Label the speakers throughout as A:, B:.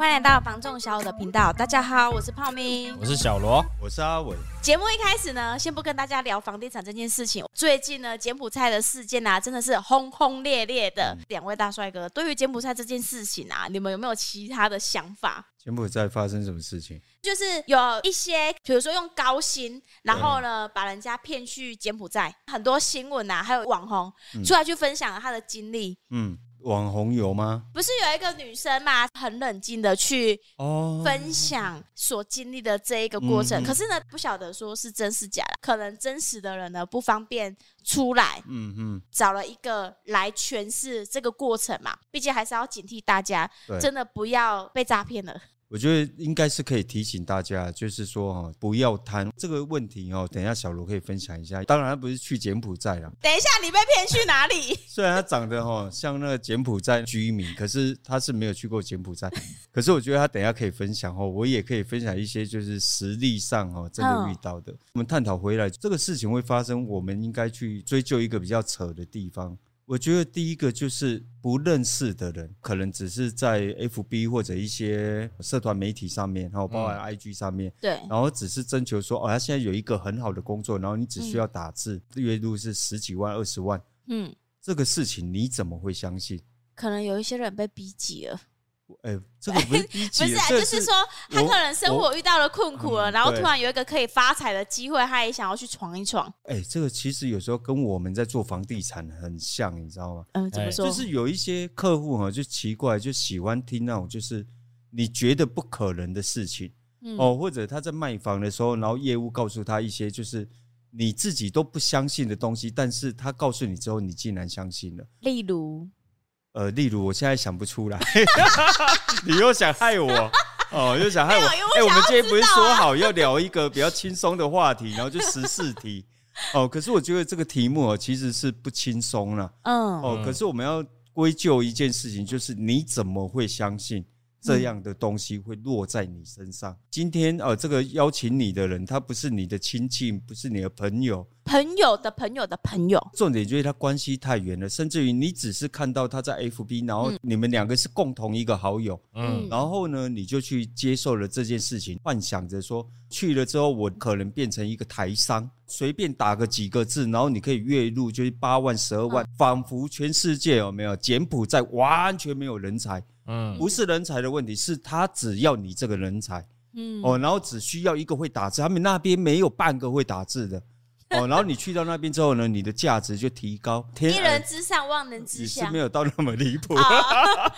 A: 歡迎來到房仲小武的頻道，大家好，我是泡咪，我是小
B: 羅，我是阿偉。
A: 節目一開始呢，先不跟大家聊房地產這件事情。最近呢，柬埔寨的事件啊，真的是轟轟烈烈的。嗯、兩位大帥哥，對於柬埔寨這件事情啊，你們有沒有其他的想法？
B: 柬埔寨發生什麼事情？
A: 就是有一些，比如說用高薪，然後呢，把人家騙去柬埔寨。很多新聞啊，還有網紅出來去分享他的經歷。嗯。
B: 嗯網紅有嗎？
A: 不是有一個女生嘛，很冷靜的去分享所經歷的這一個過程。可是呢，不曉得說是真是假的。可能真實的人呢，不方便出來。嗯
B: 嗯，
A: 找了一個來詮釋這個過程嘛，畢竟還是要警惕大家，真的不要被詐騙了。
B: 我覺得應該是可以提醒大家，就是說哈、喔，不要貪這個問題哦、喔。等一下小羅可以分享一下，當然不是去柬埔寨了。
A: 等一下你被騙去哪裡？
B: 雖然他長得哈像那個柬埔寨居民，可是他是沒有去過柬埔寨。可是我覺得他等一下可以分享哈、喔，我也可以分享一些就是實力上哈真的遇到的。我們探討回來這個事情會發生，我們應該去追究一個比較扯的地方。我覺得第一個就是不認識的人，可能只是在 FB 或者一些社團媒體上面，然後包含 IG 上面，嗯，然後只是徵求說，哦，他現在有一個很好的工作，然後你只需要打字，月、嗯、入是十幾萬、二十萬，嗯，這個事情你怎麼會相信？
A: 可能有一些人被逼急了。
B: 哎、欸，這個不是 不是，、啊、是，就是說他可能生活遇
A: 到了困苦了、嗯，然後突然有一個可以發財的機會，他也想要去闖一闖。
B: 哎、欸，這個其實有時候跟我們在做房地產很像，你知道嗎？嗯，怎麼說？欸、就是有一些客戶哈，就奇怪，就喜歡聽那種就是你覺得不可能的事情，嗯、哦，或者他在賣房的時候，然後業務告訴他一些就是你自己都不相信的東西，但是他告訴你之後，你竟然相信了。例如。呃，例如我現在想不出來， 你又想害我， 哦，又想害我，哎、啊欸，我們今天不是說好要 聊一個比較輕鬆的話題，然後就十四題， 哦，可是我覺得這個題目、哦、其實是不輕鬆了，嗯、哦，可是我們要歸咎一件事情，就是你怎麼會相信？這樣的東西會落在你身上。今天，呃，這個邀請你的人，他不是你的親戚，不是你的朋友，朋友的朋友的朋友。重點就是他關係太遠了，甚至於你只是看到他在 FB，然後你們兩個是共同一個好友，嗯，然後呢，你就去接受了這件事情，幻想着說去了之後，我可能變成一個台商，隨便打個幾個字，然後你可以月入就是八萬、十二萬，仿佛全世界有沒有？柬埔寨完全沒有人才。嗯、不是人才的問題，是他只要你這個人才，嗯，哦，然後只需要一個會打字，他們那邊沒有半個會打字的，嗯、哦，然後你去到那邊之後呢， 你的價值就提高，天一人之
A: 上，萬人之下，是沒
B: 有到那麼離譜，啊、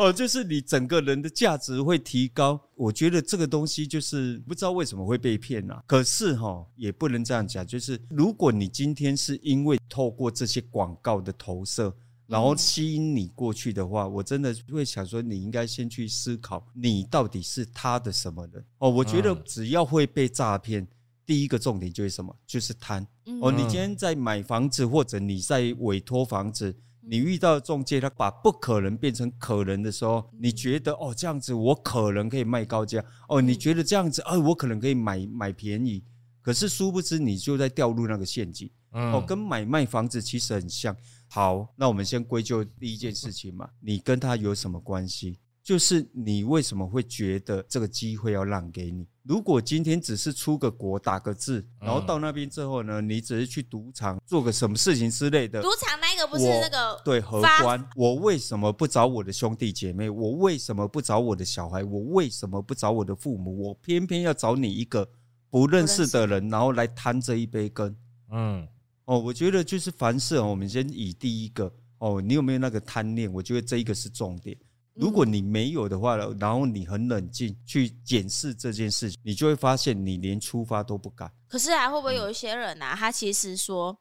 B: 哦，就是你整個人的價值會提高。我覺得這個東西就是不知道為什麼會被騙了、啊，可是哈、哦、也不能這樣講，就是如果你今天是因為透過這些廣告的投射。然後吸引你過去的話，我真的會想說，你應該先去思考，你到底是他的什麼人哦？我覺得只要會被詐騙、嗯，第一個重點就是什麼？就是貪、嗯、哦。你今天在買房子，或者你在委托房子，你遇到中介，他把不可能變成可能的時候，你覺得哦，這樣子我可能可以賣高價哦、嗯，你覺得這樣子啊、哦、我可能可以買買便宜，可是殊不知你就在掉入那個陷阱，、嗯、哦，跟買賣房子其實很像。好，那我們先歸咎第一件事情嘛，你跟他有什麼關係？就是你為什麼會覺得這個機會要讓給你？如果今天只是出個國打個字，然後到那邊之後呢，你只是去賭場做個什麼事情之類的？賭、嗯、場
A: 那個不是那個對
B: 荷官。我為什麼不找我的兄弟姐妹？我為什麼不找我的小孩？我為什麼不找我的父母？我偏偏要找你一個不認識的人，然後來貪這一杯羹？嗯。哦，我覺得就是凡事哦，我們先以第一個哦，你有沒有那個貪念？我覺得這一個是重點、嗯。如果你沒有的話呢，然後你很冷靜去檢視這件事，你就會發現你連出發都不敢。
A: 可是還、啊、會不會有一些人呢、啊嗯？他其實說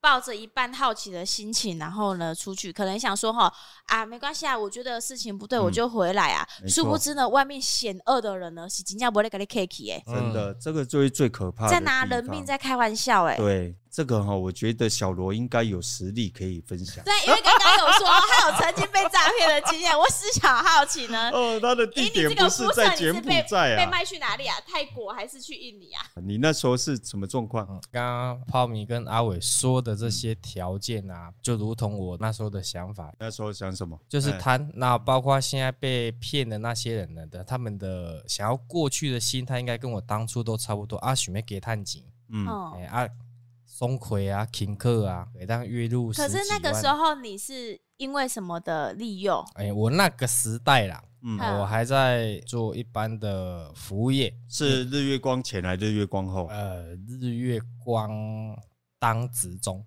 A: 抱着一半好奇的心情，然後呢出去，可能想說哈啊，沒關係啊，我覺得事情不對，嗯、我就回來啊。殊不知呢，外面險惡的人呢是盡量不會給你客氣誒、嗯。真的，
B: 這個就是最可怕的，在拿人命
A: 在開玩笑誒、欸。
B: 對。這個哈、哦，我覺得小羅應該有實力可以分享。
A: 對，因為剛剛有說 他有曾經被詐騙的經驗，我思想好奇呢。
C: 哦，他的地點、欸、你這個不是在柬埔寨、啊、被，被賣
A: 去哪裡啊？泰國還是去印尼
C: 啊？你那時候是什麼狀況啊？剛、嗯、剛泡米跟阿偉說的這些條件啊，就如同我那時候的想法。那時候想什麼？就是貪、嗯。那包括現在被騙的那些人的，他們的想要過去的心態，應該跟我當初都差不多。阿許沒給探金，嗯，阿、欸。啊松葵啊，停客啊，每當月入。可是那個時
A: 候你是因為什麼的利用？
C: 哎、欸，我那個時代啦，嗯，我還在做一般的服務業。嗯、是日月光前還是日月光後？呃，日月光當職中。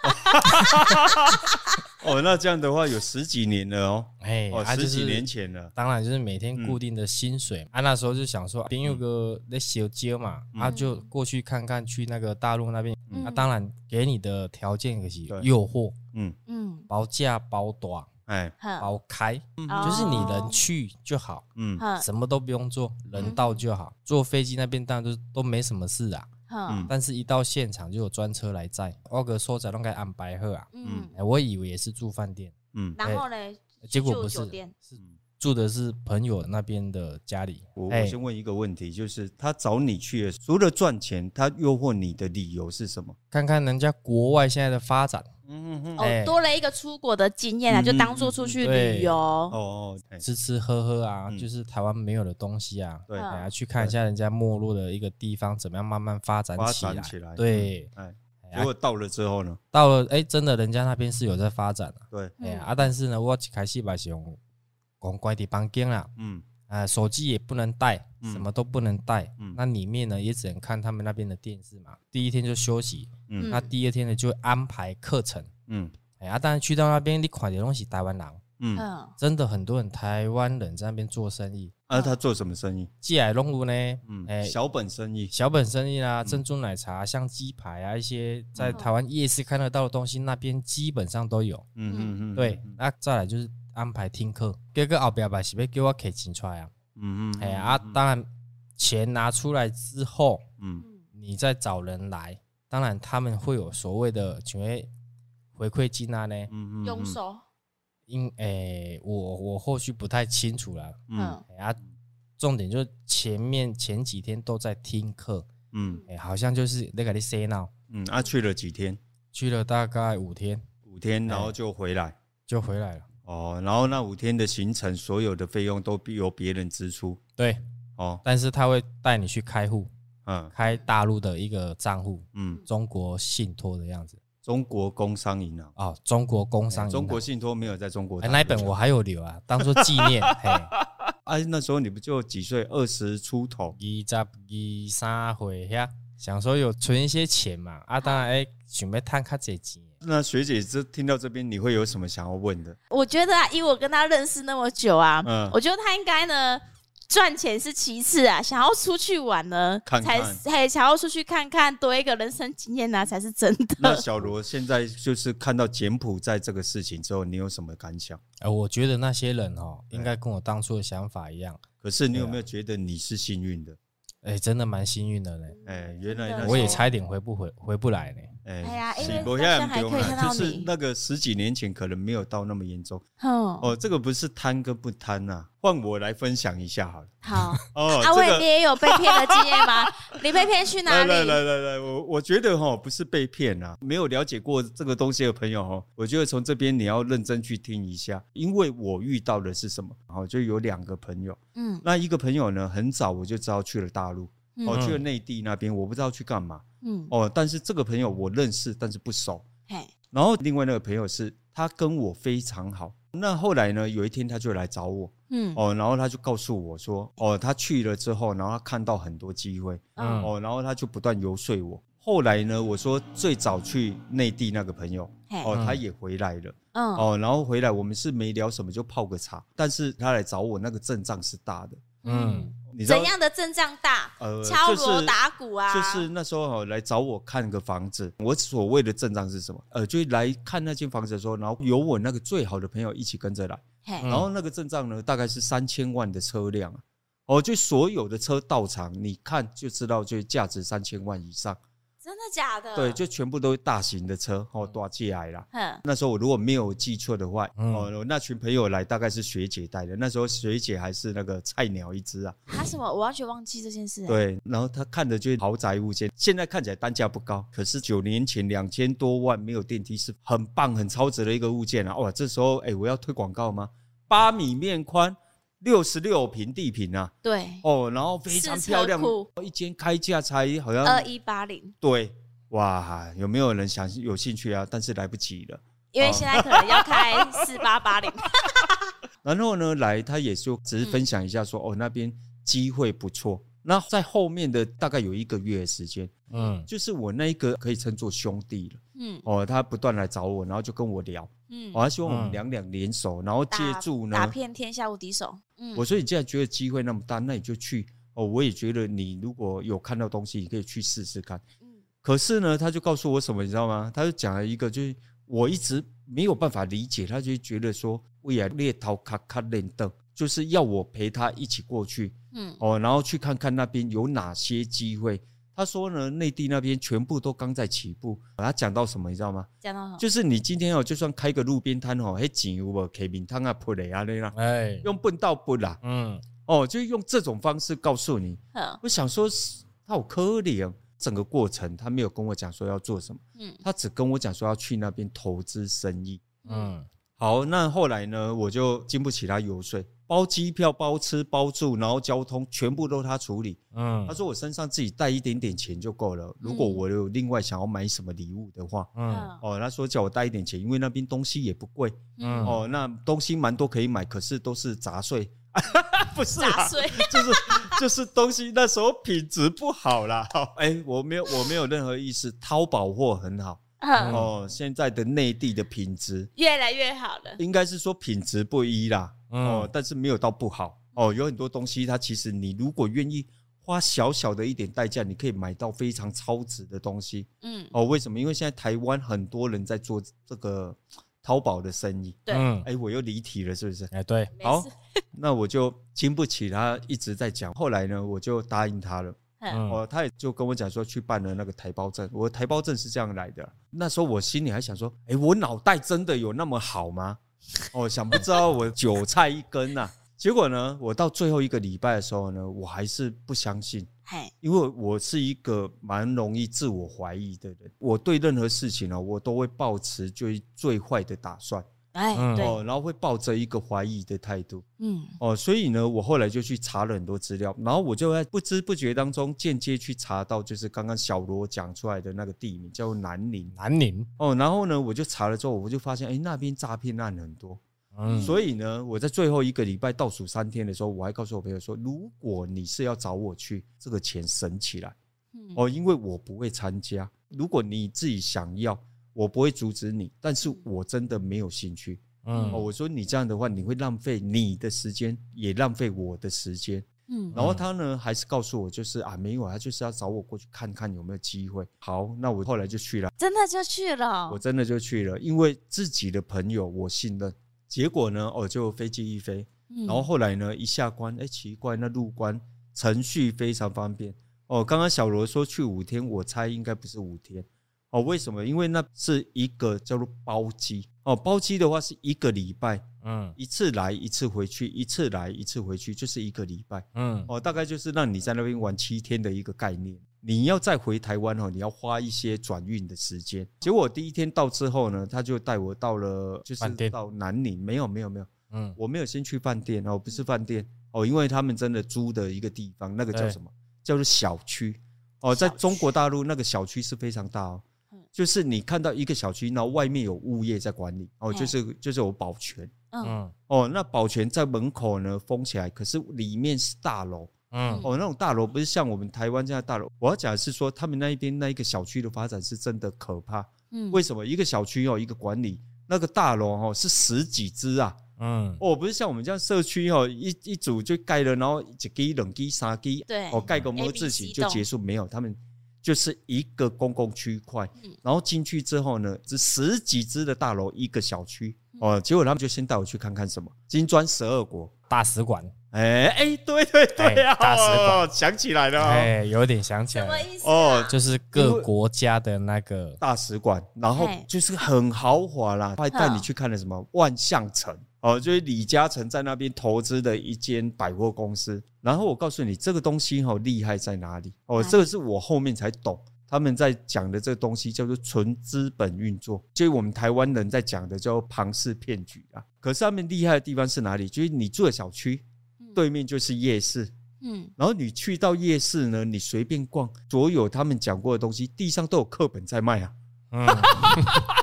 B: 哦，那這樣的話有十幾年了哦，哎、欸哦，十幾年前了、啊
C: 就是。當然就是每天固定的薪水嘛、嗯、啊，那時候就想說，你、啊、有個那小街嘛，嗯、啊，就過去看看，去那個大陸那邊。那、嗯啊、當然，給你的條件可是有誘惑，嗯嗯，包價包短，哎、欸，包開，嗯、就是你人去就好，嗯，什麼都不用做，嗯、人到就好。嗯、坐飛機那邊當然都都沒什麼事啊，嗯，但是一到現場就有專車來載。我哥說在那個安排喝啊，嗯，欸、我以為也是住飯店、嗯、欸、店，嗯，
A: 然後呢，欸、結果不是。就就
C: 住的是朋友那邊的家裡。我
B: 我先問一個問題，欸、就是他找你去的，除了賺錢，他誘惑你的理由是什麼？
C: 看看人家國外現在的發展。嗯嗯嗯、欸哦。多
A: 了一個出國的經驗啊、嗯，就當做出去旅遊。哦,哦、
C: 欸、吃吃喝喝啊，就是台灣沒有的東西啊。嗯、對，來、啊、去看一下人家沒落的一個地方，怎麼樣慢慢發展起來？發展起來對。如、欸、果
B: 到了之後呢？
C: 到了，哎、欸，真的，人家那邊是有在發展、啊、對,對、嗯，啊，但是呢，我開戲吧，先。光關的房間了，嗯，啊、呃，手機也不能帶、嗯，什麼都不能帶，嗯，那裡面呢，也只能看他們那邊的電視嘛。第一天就休息，嗯，那、啊、第二天呢就安排課程，嗯，哎、欸啊、但是去到那邊你款點東西台灣人，嗯，真的很多人台灣人在那邊做、嗯、做生意，啊，他
B: 做什麼生意？
C: 街小路呢？嗯、欸，小本生意，小本生意啊，珍珠奶茶、啊、像雞排啊，一些在台灣夜市看得到的東西，嗯、那邊基本上都有，嗯嗯嗯，對，那、啊、再來就是。安排聽課，結果後面還是要叫我拿錢出來、嗯嗯欸嗯、啊？嗯嗯，哎呀，當然錢拿出來之後，嗯，你再找人來，當然他們會有所謂的、嗯嗯嗯，因為回饋金啊呢？嗯嗯，營收？因哎，我我後續不太清楚了。嗯，哎、嗯欸啊、重點就是前面前幾天都在聽課，嗯、欸，好像就是那個給你洗腦，嗯，
B: 啊去了幾天？
C: 去了大概五天。五
B: 天，然後就回來？
C: 欸、就回來了。
B: 哦，然後那五天的行程，所有的費
C: 用都由別人支出。對，哦，但是他會帶你去開戶，嗯，開大陸的一個賬戶，嗯，中國信托的樣子，中國工商銀行。哦，中國工商銀行、哦，中國
B: 信托沒有在中國、哎。那本我還有
C: 留啊，當做紀念。哎 嘿
B: 啊，那時候你不就幾歲，二十出頭？二十二三回
C: 呀，想說有存一些錢嘛，啊，當然哎，準備探卡這錢。那學姐，
B: 這聽到這邊，你會有什麼想要問的？
A: 我覺得，啊，以我跟他認識那麼久啊，嗯，我覺得他應該呢，賺錢是其次啊，想要出去玩呢，看看才才想要出去看看，多一個人生經驗呢、啊，才是真的。那
B: 小羅現在就是看到柬埔寨在這個事情之後，你有什麼感想？
C: 呃、我覺得那些人哦，應該跟我當初的想法一樣。可是，你有沒有覺得你是幸運的？哎、啊欸，真的蠻幸運的嘞。哎、欸，原來那我也差一點回不回回不來呢。哎，哎呀，新加坡好像還可以看到你，啊、就是
B: 那個十幾年前可能沒有到那麼嚴重哦。哦，這個不是貪跟不貪吶、啊，換我來分享一下好
A: 了。
B: 好阿偉，你，哦、也、 啊這個，
A: 有被騙的經驗嗎？ 你被騙去哪裡？來來來，來，
B: 來，來，我我覺得哈，不是被騙吶、啊，沒有了解過這個東西的朋友哈，我覺得從這邊你要認真去聽一下，因為我遇到的是什麼，然後就有兩個朋友，嗯，那一個朋友呢，很早我就知道去了大陸，哦、嗯，去了內地那邊，我不知道去幹嘛。嗯哦，但是這個朋友我認識，但是不熟。
A: 嘿，
B: 然後另外那個朋友是，他跟我非常好。那後來呢，有一天他就來找我，嗯哦，然後他就告訴我說，哦，他去了之後，然後他看到很多機會，嗯哦，然後他就不斷游說我。後來呢，我說最早去內地那個朋友，哦，他也回來了，嗯哦，然後回來我們是沒聊什麼，就泡個茶。但是他來找我那個陣仗是大的，嗯。嗯
A: 怎樣的陣仗大，呃？敲鑼打鼓啊，就是、就是、
B: 那時候、哦、來找我看個房子。我所謂的陣仗是什麼？呃，就來看那間房子的時候，然後有我那個最好的朋友一起跟着來，嗯。然後那個陣仗呢，大概是三千萬的車輛，哦、呃，就所有的車到場，你看就知道，就價值三千萬以上。
A: 真的假的？對，就
B: 全部都是大型的車哦，多氣派了。嗯，那時候我如果沒有記錯的話，哦、嗯，呃、那群朋友來大概是學姐帶的。那時候學姐還是那個菜鳥一隻啊。
A: 啊什麼？我完全忘記這件事、欸。對，
B: 然後她看的就是豪宅物件，現在看起來單價不高，可是九年前兩千多萬沒有電梯是很棒很超值的一個物件啊。哇，這時候哎、欸，我要推廣告嗎？八米面寬。六十六平地坪啊，對哦，然後非常漂亮，一間開價才好像二一
A: 八零，對
B: 哇，有沒有人想有興趣啊？但是來不及
A: 了，因為現在可能要開四八八零。
B: 然後呢，來他也就只是分享一下說、嗯、哦，那邊機會不錯。那在後面的大概有一個月的時間，嗯，就是我那一個可以稱作兄弟了，嗯哦，他不斷來找我，然後就跟我聊。嗯，我、哦、還希望我們兩兩聯手，然後借助呢打遍
A: 天下無敵手。嗯，我說
B: 你既然覺得機會那麼大，那你就去。哦，我也覺得你如果有看到東西，你可以去試試看。嗯，可是呢，他就告訴我什麼，你知道嗎？他就講了一個，就是我一直沒有辦法理解，他就覺得說為了獵頭卡卡聯動，就是要我陪他一起過去。嗯，哦，然後去看看那邊有哪些機會。他說呢，內地那邊全部都剛在起步。把他講到什麼，你知道嗎？講到什麼？就是你今天哦、喔，就算開個路邊攤哦，還景物開名攤啊，鋪嘞啊那啦，哎、欸，用笨道不啦，嗯，哦、喔，就用這種方式告訴你。我想說，他好可憐，整個過程他沒有跟我講說要做什麼，嗯，他只跟我講說要去那邊投資生意，嗯，好，那後來呢，我就經不起他遊說。包機票、包吃、包住，然後交通全部都他處理。嗯，他說我身上自己帶一點點錢就夠了。嗯。如果我有另外想要買什麼禮物的話，嗯，哦，他說叫我帶一點錢，因為那邊東西也不貴。嗯，哦，那東西蠻多可以買，可是都是雜碎。
A: 不是雜碎，
B: 就是就是東西那時候品質不好啦。哎，欸，我沒有，我沒有任何意思。淘寶貨很好。嗯、哦，現在的內地的品質
A: 越來越好了，應
B: 該是說品質不一啦，嗯。哦，但是沒有到不好。哦，有很多東西它其實你如果願意花小小的一點代價，你可以買到非常超值的東西。嗯，哦，為什麼？因為現在台灣很多人在做這個淘寶的生意。對，哎、嗯欸，我又離題了，是不是？哎、欸，對，好，那我就經不起他一直在講。後來呢，我就答應他了。嗯、哦，他也就跟我講說，去辦了那個台胞證。我的台胞證是這樣來的、啊。那時候我心裡還想說，哎、欸，我腦袋真的有那麼好嗎？我、 哦、想不知道我韭菜一根吶、啊。 結果呢，我到最後一個禮拜的時候呢，我還是不相信。 因為我是一個蠻容易自我懷疑的人，我對任何事情呢、哦，我都會抱持最最壞的打算。哦、哎嗯喔，然後會抱着一個懷疑的態度，嗯，哦、喔，所以呢，我後來就去查了很多資料，然後我就在不知不覺當中間接去查到，就是剛剛小羅講出來的那個地名叫南寧，南寧。哦、喔，然後呢，我就查了之後，我就發現，哎、欸，那邊詐騙案很多，嗯，所以呢，我在最後一個禮拜倒數三天的時候，我還告訴我朋友說，如果你是要找我去，這個錢省起來，哦、嗯喔，因為我不會參加，如果你自己想要。我不會阻止你，但是我真的沒有興趣。嗯，嗯、哦，我說你這樣的話，你會浪費你的時間，也浪費我的時間。嗯，嗯，然後他呢，還是告訴我就是啊，沒有，他就是要找我過去看看有沒有機會。好，那我後來就去了，真
A: 的就去了，我
B: 真的就去了，因為自己的朋友我信任。結果呢，我、哦、就飛機一飛，嗯嗯，然後後來呢一下關，哎、欸，奇怪，那入關程序非常方便。哦，剛剛小羅說去五天，我猜應該不是五天。哦，為什麼？因為那是一個叫做包機哦，包機的話是一個禮拜，嗯，一次來一次回去，一次來一次回去就是一個禮拜，嗯，哦，大概就是讓你在那邊玩七天的一個概念。你要再回台灣哦，你要花一些轉運的時間。結果第一天到之後呢，他就帶我到了，就是到南寧，沒有，沒有，沒有，嗯，我沒有先去飯店哦，不是飯店哦，因為他們真的租的一個地方，那個叫什麼？叫做小區哦，小區，在中國大陸那個小區是非常大哦。就是你看到一個小區，然後外面有物業在管理，哦，就是就是有保全，嗯，哦，那保全在門口呢封起來，可是裡面是大樓，嗯，哦，那種大樓不是像我們台灣這樣的大樓。我要講的是說，他們那一邊那一個小區的發展是真的可怕，嗯，為什麼？一個小區哦，一個管理那個大樓哦，是十幾支啊，嗯，哦，不是像我們這樣社區哦，一一組就蓋了，然後一支、兩支、三支，對，哦蓋個麼字形就結束，嗯，就結束沒有他們。就是一個公共區塊，嗯，然後進去之後呢，這十幾隻的大樓一個小區，嗯，哦，結果他們就先帶我去看看什麼金磚十二國大使館，
C: 哎，欸，哎，
B: 欸，對對對，啊欸，大使館，哦想起哦欸，想起來了，哎，
C: 有點想起來，什麼意思？哦，就是各國家的那個大使館，然後就是很豪華啦，
B: 還帶你去看了什麼萬象城。哦，就是李嘉誠在那邊投資的一間百貨公司。然後我告訴你，這個東西哈、哦、厲害在哪裡？哦、嗯，這個是我後面才懂。他們在講的這個東西叫做純資本運作，就是我們台灣人在講的叫做龐氏騙局啊。可是他們厲害的地方是哪裡？就是你住的小區、嗯、對面就是夜市，嗯，然後你去到夜市呢，你隨便逛，所有他們講過的東西，地上都有課本在賣啊。嗯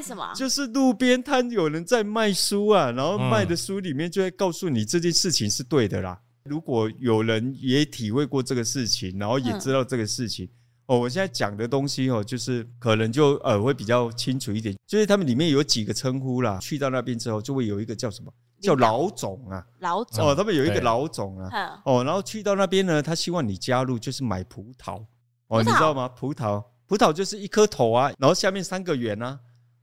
B: 賣什麼？就是路邊攤有人在賣書啊，然後賣的書裡面就會告訴你這件事情是對的啦、嗯。如果有人也體會過這個事情，然後也知道這個事情、嗯、哦，我現在講的東西哦、喔，就是可能就呃會比較清楚一點。就是他們裡面有幾個稱呼啦，去到那邊之後就會有一個叫什麼叫老總啊，
A: 老總哦，哦，他們有一個老
B: 總啊、嗯，哦，然後去到那邊呢，他希望你加入就是買葡萄哦
C: 葡萄，你知道嗎？
B: 葡萄葡萄就是一顆頭啊，然後下面三個圓啊。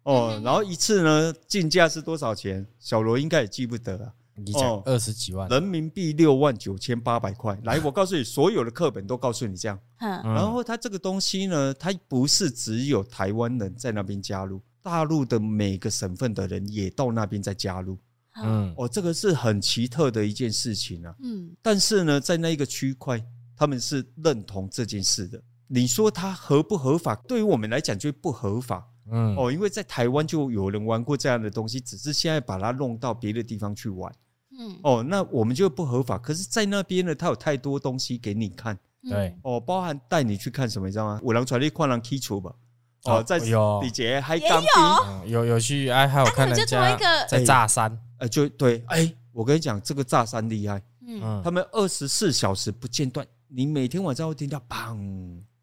B: 哦，然後一次呢，競價是多少錢？小羅應該也記不得了。你了哦，二十幾萬人民幣，六萬九千八百塊。來，我告訴你， 所有的課本都告訴你這樣。
C: 然後
B: 它這個東西呢，它不是只有台灣人在那邊加入，大陸的每個省份的人也到那邊在加入。嗯。 哦，這個是很奇特的一件事情啊。 嗯。但是呢，在那一個區塊，他們是認同這件事的。你說它合不合法？對於我們來講，就不合法。嗯，哦，因為在台灣就有人玩過這樣的東西，只是現在把它弄到別的地方去玩。嗯，哦，那我們就不合法。可是，在那邊呢，它有太多東西給你看。對、嗯，哦，包含帶你去看什麼你知道嗎？五郎傳力跨欄踢球吧。
C: 哦，在、哦、有李杰還當兵，
B: 有有去還、啊、還有看人家在炸山。哎、呃，就對，哎，我跟你講，這個炸山厲害。嗯，他們二十四小時不間斷，你每天晚上會聽到砰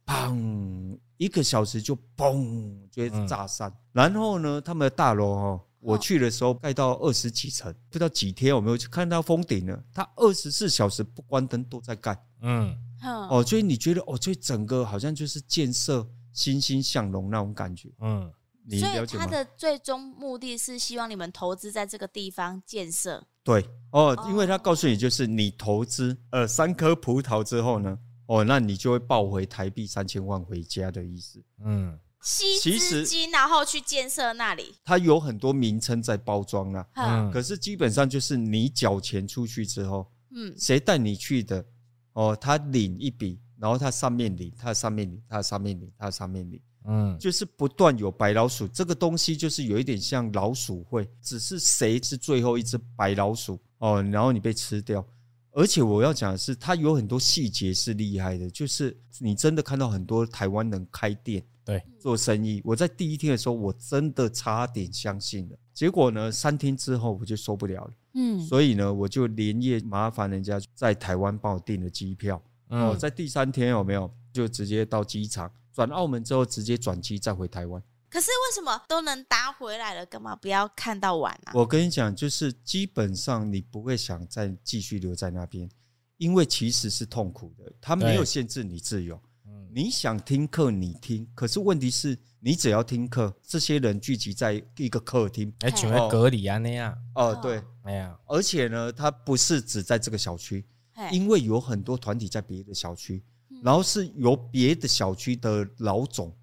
B: 砰。砰一個小時就嘣，就炸山、嗯。然後呢，他們的大樓哦、喔，我去的時候蓋到二十幾層、哦，不知道幾天我沒有看到封頂了。他二十四小時不關燈都在蓋，嗯，哦、嗯喔，所以你覺得哦、喔，所以整個好像就是建設欣欣向榮那種感覺，嗯。所以他的
A: 最終目的是希望你們投資在這個地方建設。
B: 對、喔，哦，因為他告訴你就是你投資呃三顆葡萄之後呢。哦，那你就會抱回台幣三千萬回家的意思。嗯，吸資
A: 金然後去建設那裡。
B: 它有很多名稱在包裝啊，可是基本上就是你繳錢出去之後，嗯，誰帶你去的？哦，他領一筆，然後他上面領，他上面領，他上面領，他上面領。嗯，就是不斷有白老鼠，這個東西就是有一點像老鼠會，只是誰是最後一隻白老鼠？哦，然後你被吃掉。而且我要講的是，他有很多細節是厲害的，就是你真的看到很多台灣人開店，對，做生意。我在第一天的時候，我真的差點相信了。結果呢，三天之後我就受不了
C: 了，嗯，所
B: 以呢，我就連夜麻煩人家在台灣幫我訂了機票。嗯，在第三天有沒有就直接到機場轉澳門之後，直接轉機再回台灣。
A: 可是為什麼都能搭回來了幹？幹嘛不要看到晚呢、
B: 啊？我跟你講，就是基本上你不會想再繼續留在那邊，因為其實是痛苦的。他沒有限制你自由，你想聽課你聽。可是問題是，你只要聽課，這些人聚集在一個客廳，哎，成為隔離啊那樣。哦，對，哎呀，而且呢，他不是只在這個小區，因為有很多團體在別的小區，然後是由別的小區的老總。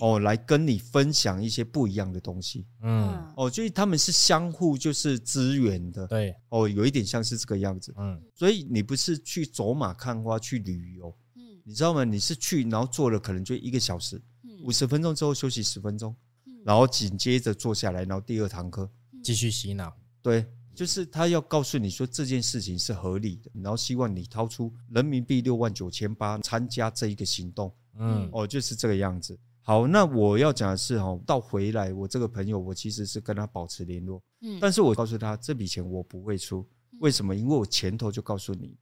B: 哦，來跟你分享一些不一樣的東西，嗯，哦，所以，就是他們是相互就是支援的，對，哦，有一點像是這個樣子，嗯，所以你不是去走馬看花去旅遊，嗯，你知道嗎？你是去，然後坐了可能就一個小時，嗯，五十分鐘之後休息十分鐘，嗯，然後緊接着坐下來，然後第二堂課繼續洗腦，對，就是他要告訴你說這件事情是合理的，然後希望你掏出人民幣六萬九千八參加這一個行動，嗯，哦，就是這個樣子。好，那我要講的是哈，到回來我這個朋友，我其實是跟他保持聯絡，嗯，但是我告訴他這筆錢我不會出，為什麼？因為我前頭就告訴你，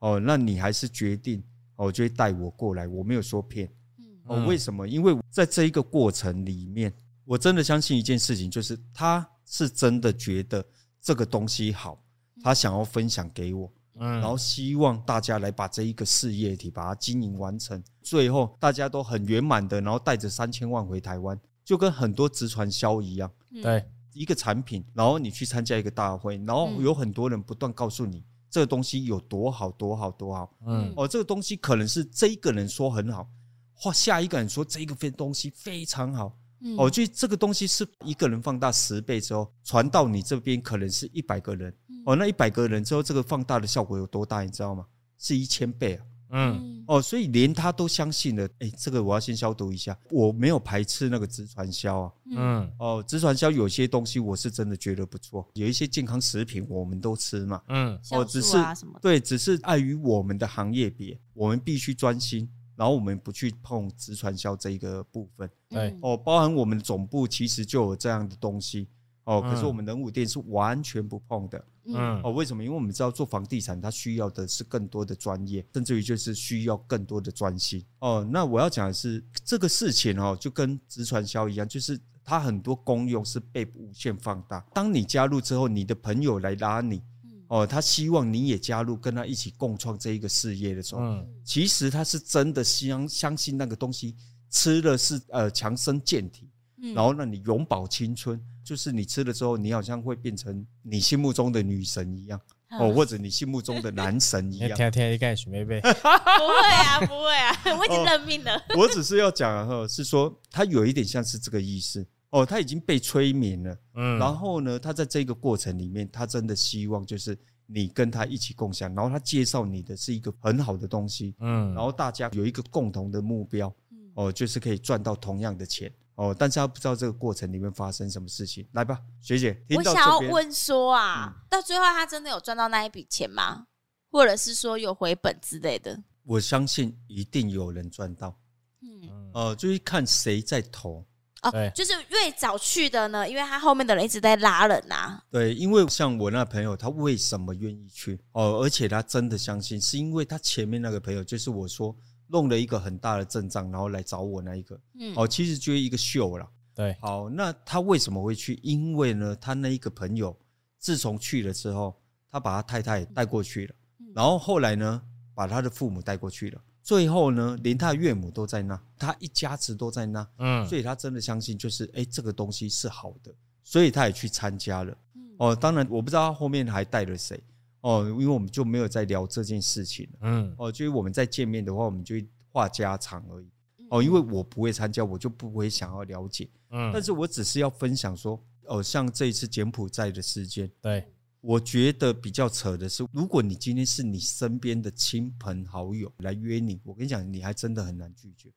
B: 哦，那你還是決定哦，就會帶我過來，我沒有說騙，嗯，哦，為什麼？因為在這一個過程裡面，我真的相信一件事情，就是他是真的覺得這個東西好，嗯，他想要分享給我。嗯、然後希望大家來把這一個事業體把它經營完成，最後大家都很圓滿的，然後帶着三千萬回台灣，就跟很多直傳銷一樣。對、嗯，一個產品，然後你去參加一個大會，然後有很多人不斷告訴你這個東西有多好多好多好。嗯，哦，這個東西可能是這一個人說很好，或下一個人說這個非東西非常好。哦，就這個東西是一個人放大十倍之後，傳到你這邊可能是一百個人、嗯。哦，那一百個人之後，這個放大的效果有多大，你知道嗎？是一千倍啊！嗯，哦，所以連他都相信了。哎、欸，這個我要先消毒一下。我沒有排斥那個直傳銷啊。嗯，哦，直傳銷有些東西我是真的覺得不錯，有一些健康食品我們都吃嘛。嗯，哦，只是、啊、什對，只是礙於我們的行業別，我們必須專心。然後我們不去碰直傳銷這一個部分、嗯，哦，包含我們總部其實就有這樣的東西哦、嗯，可是我們仁武店是完全不碰的，嗯哦，為什麼？因為我們知道做房地產，它需要的是更多的專業，甚至於就是需要更多的專心哦。那我要講的是這個事情哦，就跟直傳銷一樣，就是它很多功用是被無限放大。當你加入之後，你的朋友來拉你。哦，他希望你也加入跟他一起共創這一個事業的時候、嗯，其實他是真的相相信那個東西，吃了是呃強身健體、嗯，然後讓你永葆青春，就是你吃了之後，你好像會變成你心目中的女神一樣，嗯、哦，或者你心目中的男神一樣。天天一干許梅梅，
A: 不會啊，不會啊，我已經認命了。哦、我
B: 只是要講啊，是說他有一點像是這個意思。哦，他已經被催眠了，嗯，然後呢，他在這個過程裡面，他真的希望就是你跟他一起共享，然後他介紹你的是一個很好的東西，嗯，然後大家有一個共同的目標，哦，就是可以賺到同樣的錢，哦，但是他不知道這個過程裡面發生什麼事情。來吧，學姐，聽我想要問
A: 說啊，嗯，到最後他真的有賺到那一筆錢嗎？或者是說有回本之類的？
B: 我相信一定有人賺到，嗯，呃，就是看誰在投。啊、oh，就是
A: 越早去的呢，因為他後面的人一直在拉人吶、啊。
B: 對，因為像我那朋友，他為什麼願意去？哦，而且他真的相信，是因為他前面那個朋友，就是我說弄了一個很大的陣仗，然後來找我那一個。嗯，哦，其實就是一個秀啦。對，好，那他為什麼會去？因為呢，他那一個朋友自從去了之後，他把他太太也帶過去了，嗯，然後後來呢，把他的父母帶過去了。最後呢，連他的岳母都在那，他一家子都在那，嗯、所以他真的相信，就是哎、欸，這個東西是好的，所以他也去參加了，哦，當然我不知道他後面還帶了誰，哦，因為我們就沒有在聊這件事情。嗯，哦，就是我們再見面的話，我們就會話家常而已，哦，因為我不會參加，我就不會想要了解，嗯，但是我只是要分享說，哦，像這一次柬埔寨的事件，對。我覺得比較扯的是，如果你今天是你身邊的親朋好友來約你，我跟你講，你還真的很難拒絕。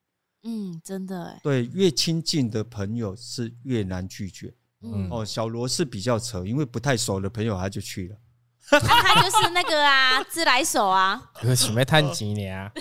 A: 嗯，真的、欸。
B: 對，越親近的朋友是越難拒絕。嗯哦，小羅是比較扯，因為不太熟的朋友他就去了，嗯哦，他就去
A: 了 啊。他就是那個啊，自來熟啊。
C: 可惜沒談幾年啊。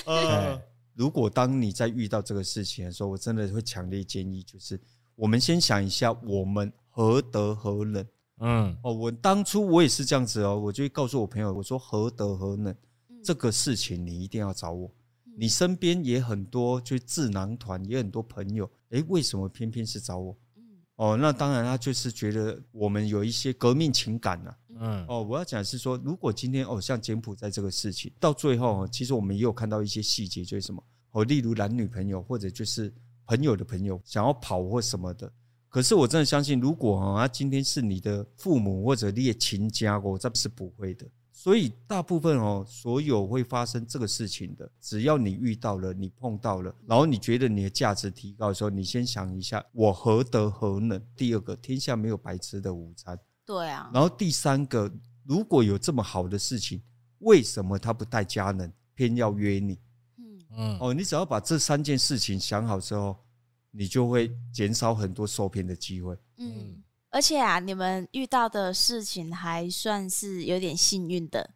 B: 如果當你在遇到這個事情的時候，我真的會強烈建議，就是我們先想一下，我們何德何能。嗯，哦，我當初我也是這樣子哦，我就告訴我朋友，我說何德何能、嗯，這個事情你一定要找我，嗯、你身邊也很多就智囊團，也很多朋友，誒、欸，為什麼偏偏是找我、嗯？哦，那當然他就是覺得我們有一些革命情感吶、啊。嗯，哦，我要講是說，如果今天哦像柬埔寨這個事情到最後、哦，其實我們也有看到一些細節，就是什麼，哦，例如男女朋友或者就是朋友的朋友想要跑或什麼的。可是我真的相信，如果啊，今天是你的父母或者你的親家，我這是不會的。所以大部分哦，所有會發生這個事情的，只要你遇到了，你碰到了，然後你覺得你的價值提高的時候，你先想一下，我何德何能？第二個，天下沒有白吃的午餐，對啊。然後第三個，如果有這麼好的事情，為什麼他不帶家人，偏要約你？嗯嗯。哦，你只要把這三件事情想好之後。你就會減少很多受騙的機會。
A: 嗯，而且啊，你們遇到的事情還算是有點幸運的。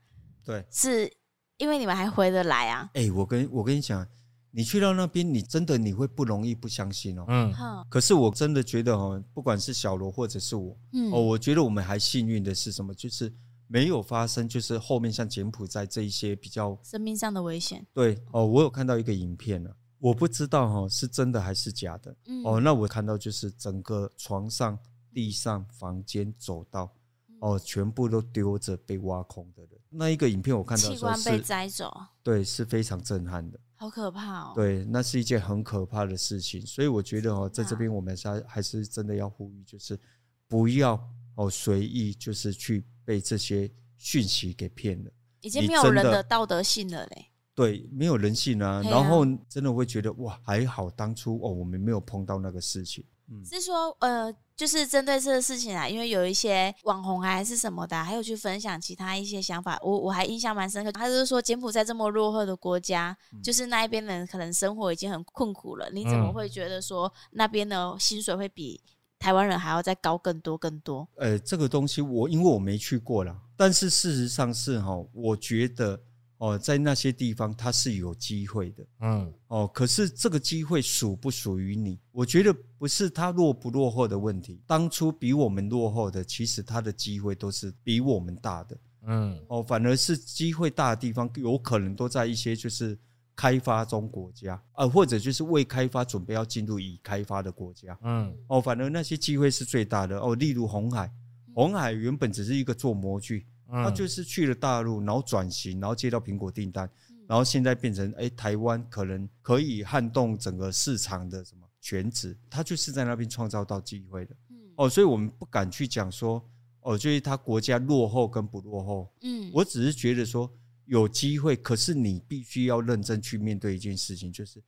B: 對，
A: 是因為你們還回得來啊。
B: 誒，我跟我跟你講，你去到那邊，你真的你會不容易不相信哦。嗯。可是我真的覺得哈，不管是小羅或者是我，嗯，哦，我覺得我們還幸運的是什麼？就是沒有發生，就是後面像柬埔寨這一些比較
A: 生命上的危險。
B: 對哦，我有看到一個影片呢。我不知道哈，是真的還是假的、嗯？哦，那我看到就是整個床上、地上、房間、走、嗯、道，哦，全部都丟着被挖空的人。那一個影片我看到是器官被摘走，對，是非常震撼的，好
A: 可怕哦！
B: 對，那是一件很可怕的事情。所以我覺得哦，在這邊我們還是還是真的要呼籲，就是不要哦隨意就是去被這些訊息給騙了，已經沒有人的
A: 道德性了嘞。
B: 對，沒有人性啊！啊然後真的我會覺得哇，還好當初哦，我們沒有碰到那個事情。嗯，
A: 是說呃，就是針對這個事情啊，因為有一些網紅還是什麼的、啊，還有去分享其他一些想法。我我還印象蠻深刻，他就是說柬埔寨這麼落後的國家，嗯、就是那一邊人可能生活已經很困苦了，你怎麼會覺得說那邊的薪水會比台灣人還要再高更多更多？嗯、
B: 呃，這個東西我因為我沒去過啦，但是事實上是哈，我覺得。哦，在那些地方它是有機會的，嗯，哦，可是這個機會屬不屬於你？我覺得不是它落不落後的問題。當初比我們落後的，其實它的機會都是比我們大的，
C: 嗯，
B: 哦，反而是機會大的地方，有可能都在一些就是開發中國家啊、呃，或者就是未開發準備要進入已開發的國家，嗯，哦，反而那些機會是最大的。哦，例如鴻海，鴻海原本只是一個做模具。他就是去了大陸，然後轉型，然後接到蘋果訂單，然後現在變成哎、欸，台灣可能可以撼動整個市場的什麼權值，他就是在那邊創造到機會的。哦，所以我們不敢去講說哦，就是他國家落後跟不落後。嗯，我只是覺得說有機會，可是你必須要認真去面對一件事情，就是。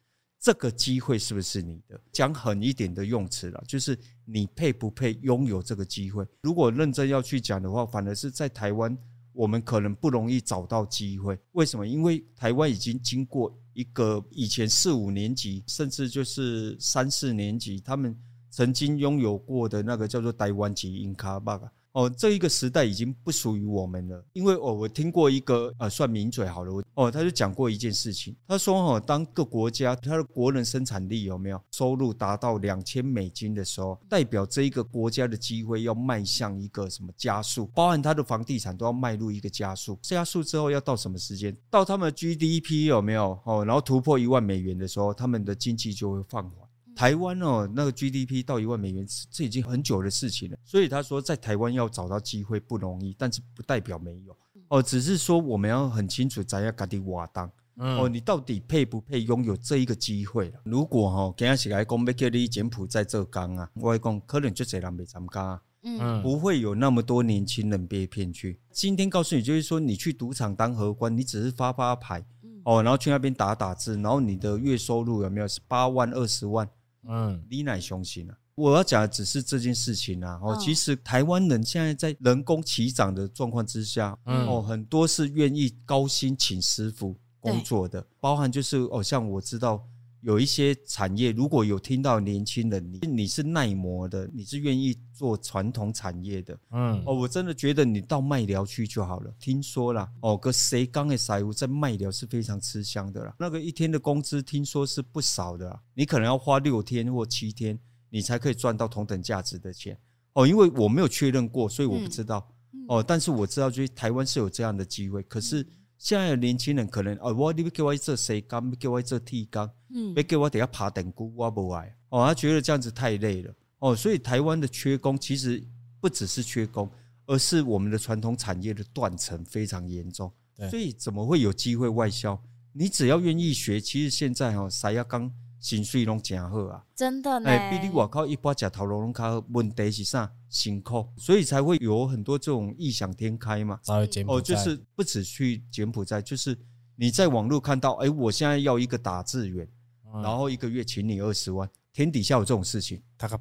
B: 這個機會是不是你的？講狠一點的用詞啦，就是你配不配擁有這個機會？如果認真要去講的話，反而是在台灣，我們可能不容易找到機會。為什麼？因為台灣已經經過一個以前四五年級，甚至就是三四年級，他們曾經擁有過的那個叫做台灣籍因卡吧。哦，這一個時代已經不屬於我們了，因為我、哦、我聽過一個呃算名嘴好了，哦，他就講過一件事情，他說哦，當個國家他的國人生產力有沒有收入達到兩千美金的時候，代表這一個國家的機會要邁向一個什麼加速，包含他的房地產都要邁入一個加速，加速之後要到什麼時間？到他們的 GDP 有沒有哦，然後突破一萬美元的時候，他們的經濟就會放緩。台灣哦，那個 GDP 到一萬美元，這已經很久的事情了。所以他說，在台灣要找到機會不容易，但是不代表沒有哦，只是說我們要很清楚咱要趕緊瓦當哦，你到底配不配擁有這一個機會，如果哈、哦，今天起來公，沒給你柬埔寨這剛啊，外公可能就只南沒咱們剛啊，嗯，不會有那麼多年輕人被騙去。今天告訴你，就是說你去賭場當荷官，你只是發發牌哦，然後去那邊打打字，然後你的月收入有沒有是八萬二十萬？嗯，李乃雄心啊，我要講的只是這件事情啊。哦，其實台灣人現在在人工齊漲的狀況之下，嗯，哦，很多是願意高薪請師傅工作的，包含就是哦，像我知道。有一些產業，如果有聽到年輕人，你你是耐磨的，你是願意做傳統產業的，嗯，哦，我真的覺得你到麥寮去就好了。聽說啦，哦，個誰剛也曬，我在麥寮是非常吃香的啦。那個一天的工資聽說是不少的，啊，啦。你可能要花六天或七天，你才可以賺到同等價值的錢。哦，因為我沒有確認過，所以我不知道。嗯、哦，但是我知道，就是台灣是有這樣的機會，可是，現在的年輕人可能，哦，我你不給我一只水工，不給我做鐵工，嗯，不給我底下爬等菇，我不愛。哦，他、啊、覺得這樣子太累了。哦，所以台灣的缺工其實不只是缺工，而是我們的傳統產業的斷層非常嚴重。對，所以怎麼會有機會外銷？你只要願意學，其實現在哈篩壓缸。薪水攏真好啊！真的呢，欸、比你話靠一般食陶龍龍卡好。問題是什麼？辛苦，所以才會有很多這種異想天開嘛。哦，就是不止去柬埔寨，就是你在網絡看到，哎、欸，我現在要一個打字員、嗯，然後一個月請你二十萬，天底下有這種事情怕？怎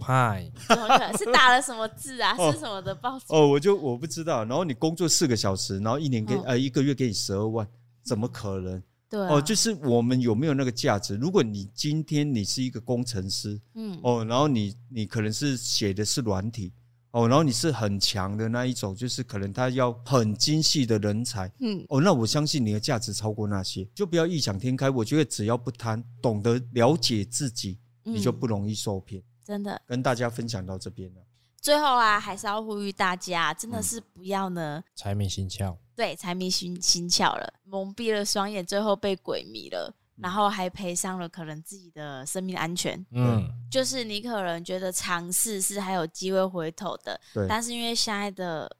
B: 麼可能？
A: 是打了什麼字啊？ 是什麼的報紙哦？哦，
B: 我就我不知道。然後你工作四個小時，然後一年給、哦、呃一個月給你十二萬，怎麼可能？ 對啊，哦，就是我們有沒有那個價值？如果你今天你是一個工程師，嗯，哦，然後你你可能是寫的是軟體，哦，然後你是很強的那一種，就是可能他要很精細的人才，嗯，哦，那我相信你的價值超過那些，就不要異想天開。我覺得只要不貪，懂得了解自己，你就不容易受騙、嗯。真的，跟大家分享到這邊了。
A: 最後啊，還是要呼籲大家，真的是不要呢，
C: 財迷心竅。嗯
A: 對，財迷心，心竅了，蒙蔽了雙眼，最後被鬼迷了，然後還賠上了可能自己的生命安全。嗯，就是你可能覺得嘗試是還有機會回頭的，對。但是因為現在的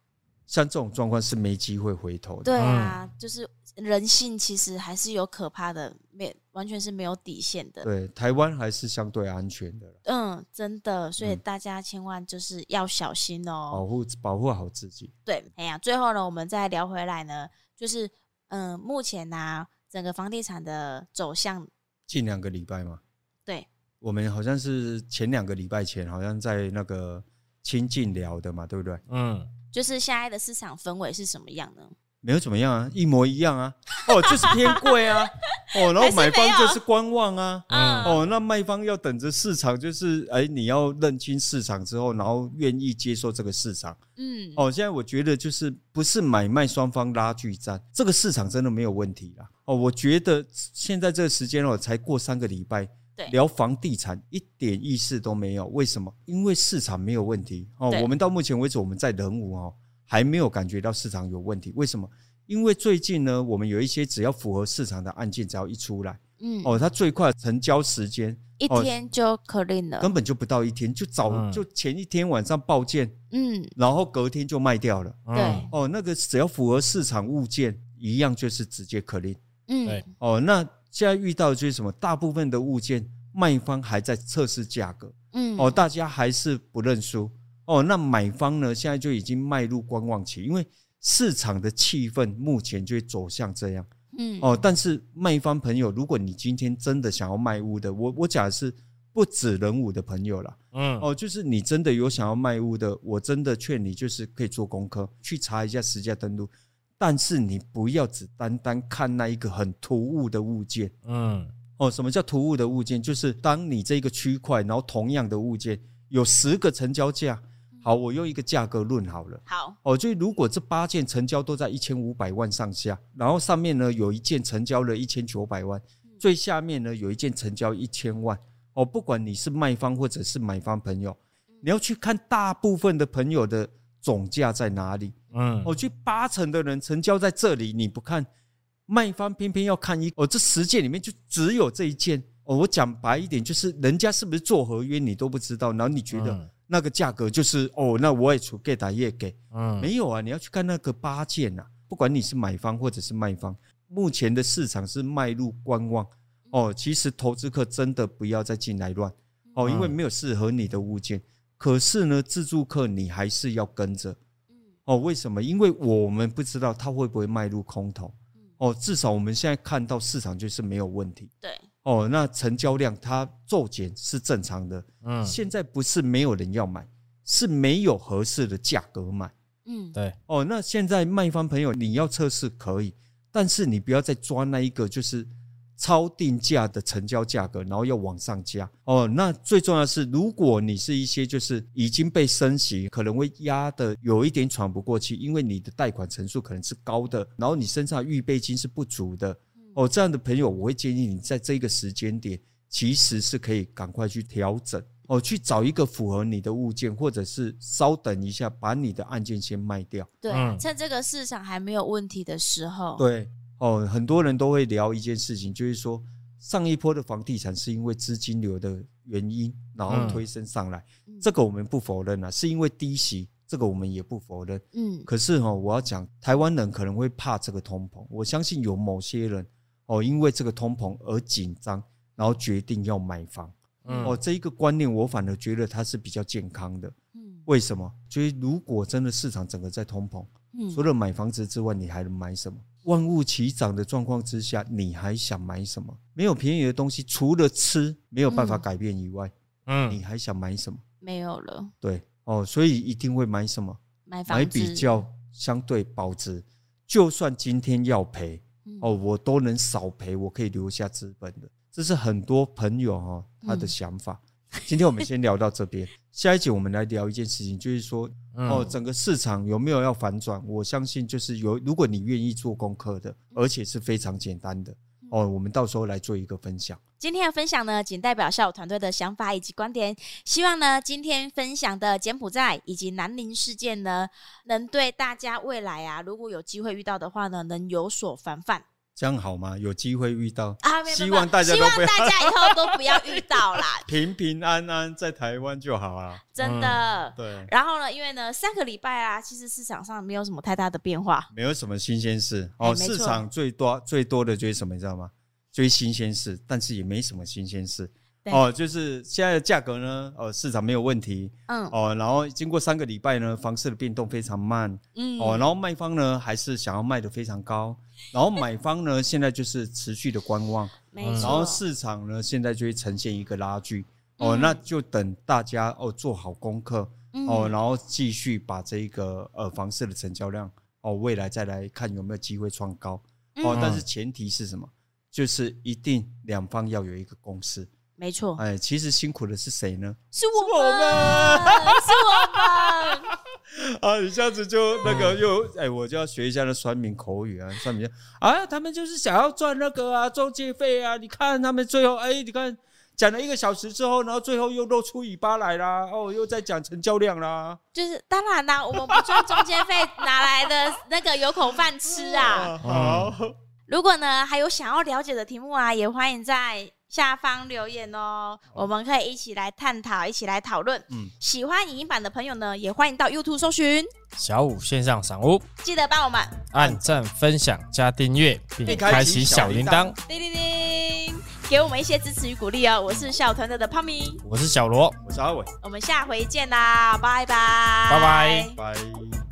A: 像
B: 這種狀況是沒機會回頭的，對啊，嗯、
A: 就是。人性其實還是有可怕的，沒完全是沒有底線的。
B: 對，台灣還是相對安全的。
A: 嗯，真的，所以大家千萬就是要小心哦嗯，保
B: 護保護好自己。
A: 對，哎呀，最後呢，我們再聊回來呢，就是嗯，目前呢，整個房地產的走向，
B: 近兩個禮拜嘛。對，我們好像是前兩個禮拜前，好像在那個清境聊的嘛，對不對？嗯，
A: 就是現在的市場氛圍是什麼樣呢？
B: 沒有怎麼樣啊，一模一樣啊，
A: 哦，就是偏貴啊，
B: 哦，然後買方就是觀望啊，哦，那賣方要等着市場就是，哎、欸，你要認清市場之後，然後願意接受這個市場，嗯，哦，現在我覺得就是不是買賣雙方拉鋸戰，這個市場真的沒有問題啦、啊。哦，我覺得現在這個時間哦，才過三個禮拜，對，聊房地產一點意思都沒有，為什麼？因為市場沒有問題，哦，我們到目前為止我們在仁武哦。還沒有感覺到市場有問題，為什麼？因為最近呢，我們有一些只要符合市場的案件，只要一出來，
C: 嗯、哦，
B: 它最快成交時間一天
A: 就可 l 了、哦，根
B: 本就不到一天，就早、嗯、就前一天晚上報件，嗯，然後隔天就賣掉了、嗯哦，對，哦，那個只要符合市場物件，一樣就是直接可 l 嗯，哦，那現在遇到的就是什麼，大部分的物件賣方還在測試價格，嗯，哦，大家還是不認輸。哦，那買方呢？現在就已經邁入觀望期，因為市場的氣氛目前就會走向這樣。嗯，哦，但是賣方朋友，如果你今天真的想要賣屋的，我我講的是不止仁武的朋友啦。嗯，哦，就是你真的有想要賣屋的，我真的勸你就是可以做功課，去查一下實價登錄。但是你不要只單單看那一個很突兀的物件。嗯，哦，什麼叫突兀的物件？就是當你這個區塊，然後同樣的物件有十個成交價。好，我用一個價格論好了。好，哦，就如果這八件成交都在一千五百萬上下，然後上面呢，有一件成交了一千九百萬，嗯，最下面呢，有一件成交一千萬。哦，不管你是賣方或者是買方朋友，嗯、你要去看大部分的朋友的總價在哪裡。嗯，哦，就八成的人成交在這裡，你不看賣方，偏偏要看一哦，這十件裡面就只有這一件。哦，我講白一點，就是人家是不是做合約你都不知道，然後你覺得。嗯那個價格就是哦，那我出也出給打也給，嗯，沒有啊，你要去看那個八件啊，不管你是買方或者是賣方，目前的市場是賣入觀望哦。其實投資客真的不要再進來亂哦，因為沒有適合你的物件。嗯、可是呢，自住客你還是要跟着，哦，為什麼？因為我們不知道他會不會賣入空頭，哦，至少我們現在看到市場就是沒有問題，對。哦，那成交量它驟減是正常的。嗯，現在不是沒有人要買，是沒有合適的價格買。嗯，對。哦，那現在賣方朋友，你要測試可以，但是你不要再抓那一個就是超定價的成交價格，然後要往上加。哦，那最重要的是，如果你是一些就是已經被升息，可能會壓得有一點喘不過氣，因為你的貸款成數可能是高的，然後你身上預備金是不足的。哦，這樣的朋友，我會建議你在這個時間點，其實是可以趕快去調整哦，去找一個符合你的物件，或者是稍等一下，把你的案件先賣掉。
A: 對、嗯，趁這個市場還沒有問題的時候。對，
B: 哦，很多人都會聊一件事情，就是說上一波的房地產是因為資金流的原因，然後推升上來、嗯，這個我們不否認啊，是因為低息，這個我們也不否認。嗯，可是哈、哦，我要講，台灣人可能會怕這個通膨，我相信有某些人。哦，因為這個通膨而緊張，然後決定要買房。嗯嗯哦，這一個觀念，我反而覺得它是比較健康的。嗯，為什麼？所以如果真的市場整個在通膨，嗯，嗯，除了買房子之外，你還能買什麼？萬物齊漲的狀況之下，你還想買什麼？沒有便宜的東西，除了吃沒有辦法改變以外，嗯，嗯，你還想買什麼？
A: 沒有了。
B: 對，哦，所以一定會買什麼？買房子，買比較相對保值，就算今天要賠。哦，我都能少賠，我可以留下資本的，這是很多朋友哈、哦、他的想法。今天我們先聊到這邊，下一集我們來聊一件事情，就是說哦，整個市場有沒有要反轉？我相信就是有，如果你願意做功課的，而且是非常簡單的。哦、oh,，我們到時候來做一個分享。
A: 今天的分享呢，僅代表小武團隊的想法以及觀點。希望呢，今天分享的柬埔寨以及南寧事件呢，能對大家未來啊，如果有機會遇到的話呢，能有所防範。
B: 這樣好嗎？有機會遇到、啊、希望大家都不要希
A: 望大家以後都不要遇到啦 ，
B: 平平安安在台灣就好啊，真的，嗯。對，
A: 然後呢，因為呢，三個禮拜啊，其實市場上沒有什麼太大的變化，
B: 沒有什麼新鮮事。哦，欸、市場最多最多的追什麼，你知道嗎？追新鮮事，但是也沒什麼新鮮事。哦，就是現在的價格呢，呃，市場沒有問題，嗯，哦，然後經過三個禮拜呢，房市的變動非常慢，嗯，哦，然後賣方呢還是想要賣得非常高，然後買方呢 現在就是持續的觀望，沒錯、嗯、然後市場呢現在就會呈現一個拉鋸，嗯、哦，那就等大家哦做好功課、嗯，哦，然後繼續把這一個呃房市的成交量，哦，未來再來看有沒有機會創高，嗯、哦，但是前提是什麼、嗯？就是一定兩方要有一個共識。沒錯，哎，其實辛苦的是誰呢？
A: 是我們，是我們， 是我
B: 們 啊！一下子就那個又哎，我就要學一下那酸民口語啊，酸民啊，他們就是想要賺那個啊中介費啊！你看他們最後哎，你看講了一個小時之後，然後最後又露出尾巴來啦，哦，又在講成交量啦。
A: 就是當然啦、啊，我們不賺中介費，哪來的那個有口飯吃啊？好，好、嗯，如果呢還有想要了解的題目啊，也歡迎在，下方留言哦，我們可以一起來探討、哦，一起來討論。嗯，喜歡影音版的朋友呢，也歡迎到 YouTube 搜尋
C: 小武線上賞屋。
A: 記得幫我們
C: 按讚、分享、加訂閱，並開啟小鈴鐺，叮叮
A: 叮，給我們一些支持與鼓勵哦。我是小團子的，的胖咪，
C: 我是小羅，我是阿偉，
A: 我們下回見啦，拜拜，拜拜，
C: 拜。